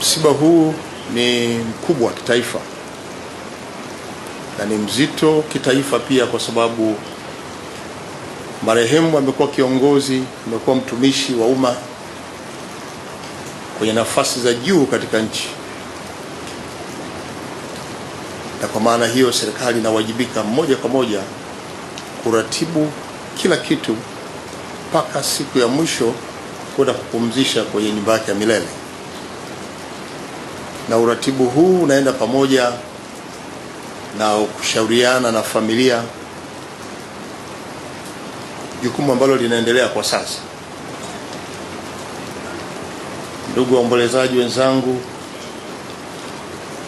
Msiba huu ni mkubwa wa kitaifa na ni mzito kitaifa pia, kwa sababu marehemu amekuwa kiongozi, amekuwa mtumishi wa umma kwenye nafasi za juu katika nchi, na kwa maana hiyo serikali inawajibika moja kwa moja kuratibu kila kitu mpaka siku ya mwisho kwenda kupumzisha kwenye nyumba yake ya milele na uratibu huu unaenda pamoja na kushauriana na familia, jukumu ambalo linaendelea kwa sasa. Ndugu waombolezaji wenzangu,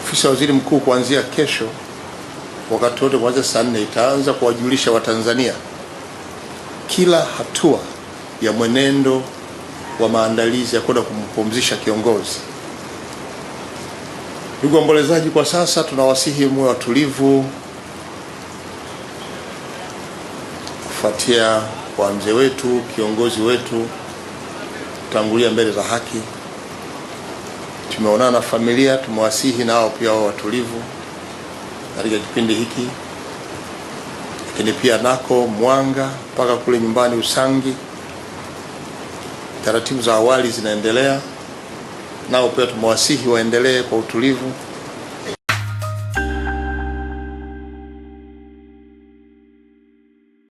ofisi ya waziri mkuu kuanzia kesho, wakati wote kuanzia saa nne itaanza kuwajulisha Watanzania kila hatua ya mwenendo wa maandalizi ya kwenda kumpumzisha kiongozi. Ndugu waombolezaji, kwa sasa tunawasihi muwe watulivu kufuatia kwa mzee wetu, kiongozi wetu kutangulia mbele za haki. Tumeonana na familia, tumewasihi nao pia wao watulivu katika kipindi hiki, lakini pia nako Mwanga mpaka kule nyumbani Usangi, taratibu za awali zinaendelea nao pia tumewasihi waendelee kwa utulivu